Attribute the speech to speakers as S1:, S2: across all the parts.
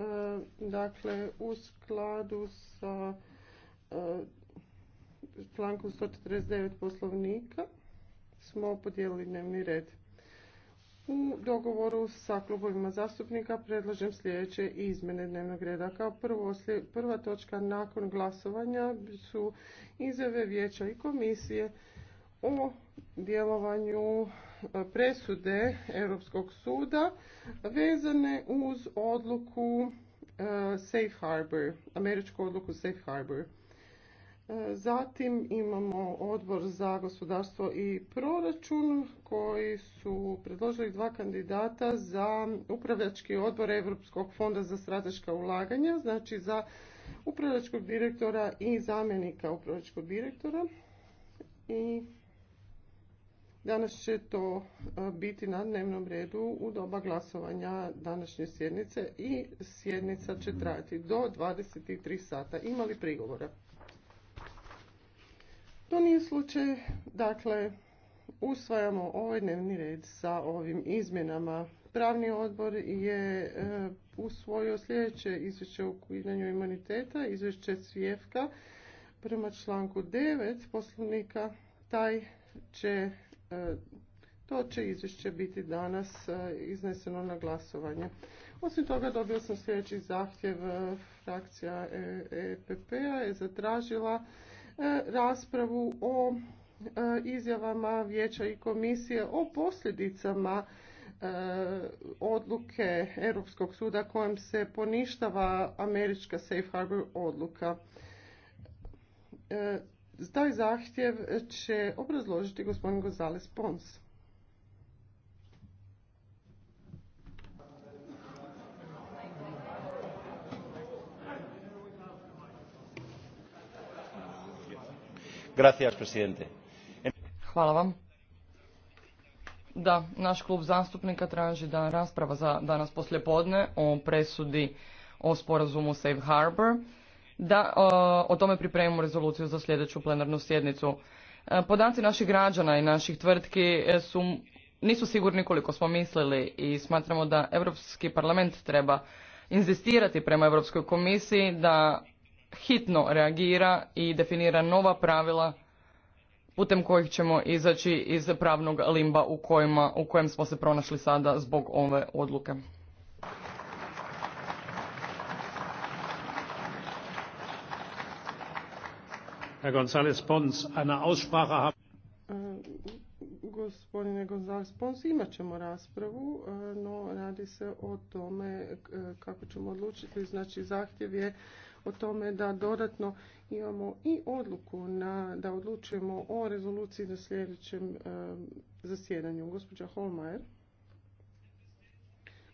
S1: E, dakle u skladu sa e, člankom 149 poslovnika smo podijelili dnevni red. U dogovoru sa klubovima zastupnika predlažem sljedeće izmjene dnevnog reda. Kao prvo, prva točka nakon glasovanja su izjave vijeća i komisije o djelovanju presude Europskog suda vezane uz odluku e, Safe Harbor, američku odluku Safe Harbor. E, zatim imamo odbor za gospodarstvo i proračun koji su predložili dva kandidata za upravljački odbor Europskog fonda za strateška ulaganja, znači za upravljačkog direktora i zamjenika upravljačkog direktora. I Danas će to e, biti na dnevnom redu u doba glasovanja današnje sjednice i sjednica će trajati do 23 sata. Ima li prigovora? To nije slučaj. Dakle, usvajamo ovaj dnevni red sa ovim izmjenama. Pravni odbor je e, usvojio sljedeće izvješće o ukidanju imuniteta, izvješće Svijevka prema članku 9 poslovnika taj će E, to će izvješće biti danas e, izneseno na glasovanje. Osim toga dobio sam sljedeći zahtjev e, frakcija EPP-a je zatražila raspravu o izjavama vijeća i komisije o posljedicama odluke Europskog suda kojom se poništava američka safe harbor odluka taj zahtjev će obrazložiti gospodin Gozales Pons. Hvala vam. Da, naš klub zastupnika traži da rasprava za danas poslijepodne o presudi o sporazumu Safe Harbor da o tome pripremimo rezoluciju za sljedeću plenarnu sjednicu. E, podaci naših građana i naših tvrtki e, su, nisu sigurni koliko smo mislili i smatramo da Europski parlament treba inzistirati prema Europskoj komisiji da hitno reagira i definira nova pravila putem kojih ćemo izaći iz pravnog limba u, u kojem smo se pronašli sada zbog ove odluke. Pons, e, Gospodine González Pons, imat ćemo raspravu, e, no radi se o tome e, kako ćemo odlučiti. Znači, zahtjev je o tome da dodatno imamo i odluku na, da odlučujemo o rezoluciji na sljedećem zasjedanju. Gospođa Holmajer.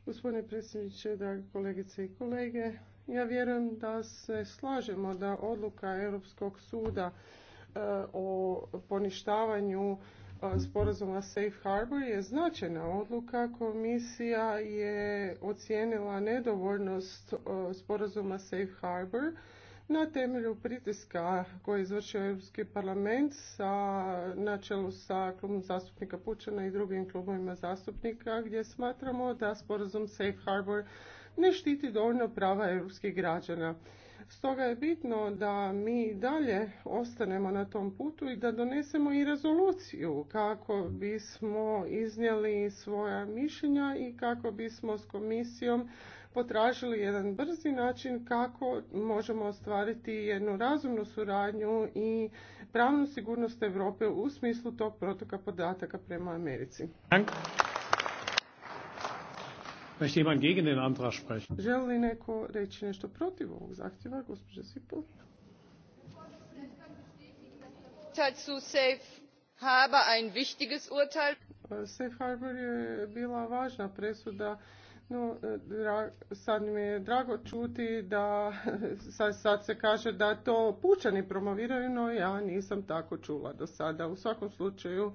S1: Gospodine predsjedniče, dragi kolegice i kolege, ja vjerujem da se slažemo da odluka Europskog suda e, o poništavanju e, sporazuma Safe Harbor je značajna odluka. Komisija je ocijenila nedovoljnost e, sporazuma Safe Harbor na temelju pritiska koji je izvršio Europski parlament sa, na čelu sa klubom zastupnika Pučana i drugim klubovima zastupnika gdje smatramo da sporazum Safe Harbor ne štiti dovoljno prava europskih građana. Stoga je bitno da mi dalje ostanemo na tom putu i da donesemo i rezoluciju kako bismo iznijeli svoja mišljenja i kako bismo s komisijom potražili jedan brzi način kako možemo ostvariti jednu razumnu suradnju i pravnu sigurnost Europe u smislu tog protoka podataka prema Americi. Želi li neko reći nešto protiv ovog zahtjeva, gospođa Sipol? Safe Harbor je bila važna presuda no, sad mi je drago čuti da sad se kaže da to pučani promoviraju, no ja nisam tako čula do sada. U svakom slučaju,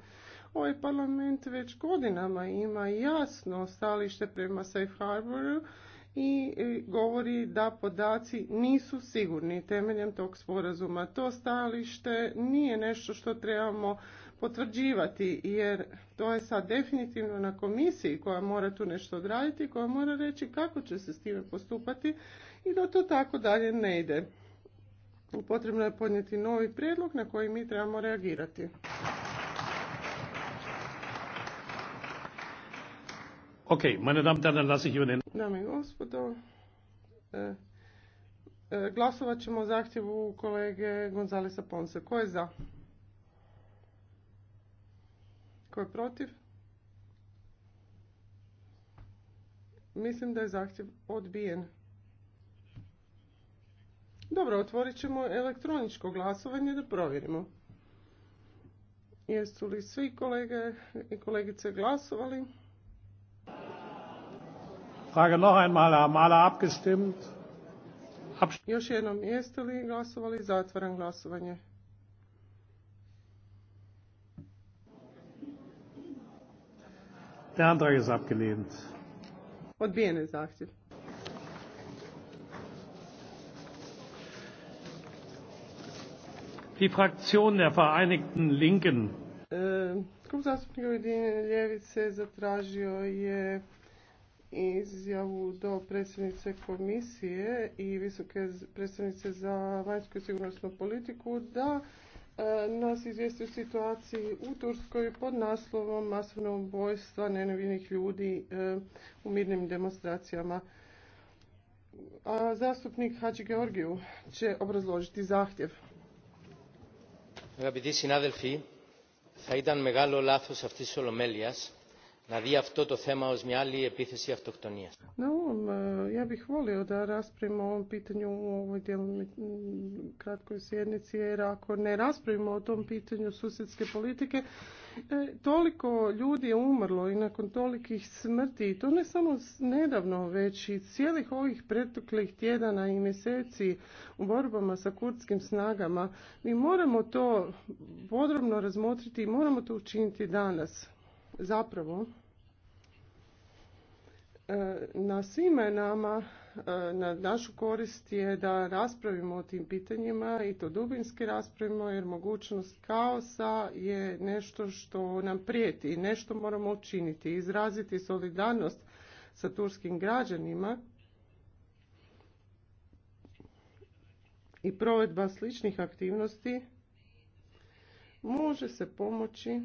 S1: ovaj parlament već godinama ima jasno stalište prema Safe Harboru, i govori da podaci nisu sigurni temeljem tog sporazuma. To stajalište nije nešto što trebamo potvrđivati jer to je sad definitivno na komisiji koja mora tu nešto odraditi, koja mora reći kako će se s time postupati i da to tako dalje ne ide. Potrebno je podnijeti novi prijedlog na koji mi trebamo reagirati. Okay, meine Damen und Herren, lasse ich Dame i gospodo, e, e, glasovat ćemo o zahtjevu kolege Gonzalesa Ponce. Ko je za? Ko je protiv? Mislim da je zahtjev odbijen. Dobro, otvorit ćemo elektroničko glasovanje da provjerimo. Jesu li svi kolege i kolegice glasovali? Frage noch einmal, haben alle abgestimmt? Još jednom, jeste li glasovali? Zatvaram glasovanje. Der Antrag ist abgelehnt. Odbijen je zahtjev. Die Fraktion der Vereinigten Linken. Äh, Klub zastupnika Ujedinjene ljevice zatražio je izjavu do predsjednice komisije i visoke predsjednice za vanjsku i sigurnosnu politiku da e, nas izvijesti o situaciji u Turskoj pod naslovom masovnog ubojstva nenevinih ljudi e, u mirnim demonstracijama. A zastupnik Hadži Georgiju će obrazložiti zahtjev. Αγαπητοί συνάδελφοι, θα ήταν μεγάλο λάθος να δει αυτό το θέμα ως ja bih volio da raspravimo o ovom pitanju u ovoj kratkoj sjednici, jer ako ne raspravimo o tom pitanju susjedske politike, e, toliko ljudi je umrlo i nakon tolikih smrti, i to ne samo nedavno, već i cijelih ovih pretoklih tjedana i mjeseci u borbama sa kurdskim snagama, mi moramo to podrobno razmotriti i moramo to učiniti danas zapravo e, na svima nama, e, na našu korist je da raspravimo o tim pitanjima i to dubinski raspravimo jer mogućnost kaosa je nešto što nam prijeti i nešto moramo učiniti, izraziti solidarnost sa turskim građanima i provedba sličnih aktivnosti može se pomoći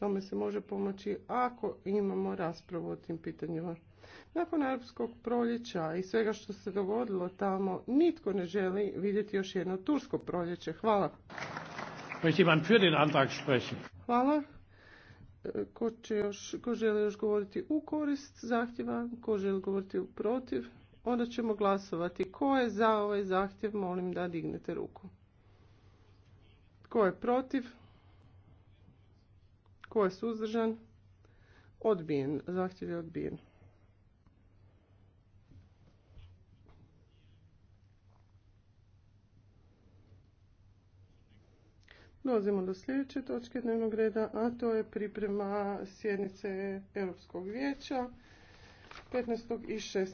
S1: Tome se može pomoći ako imamo raspravu o tim pitanjima. Nakon arapskog proljeća i svega što se dogodilo tamo, nitko ne želi vidjeti još jedno tursko proljeće. Hvala. Hvala. E, ko, će još, ko želi još govoriti u korist zahtjeva, ko želi govoriti u protiv, onda ćemo glasovati. Ko je za ovaj zahtjev, molim da dignete ruku. Ko je protiv? Tko je suzdržan? Odbijen. Zahtjev je odbijen. Dolazimo do sljedeće točke dnevnog reda, a to je priprema sjednice Europskog vijeća 15. i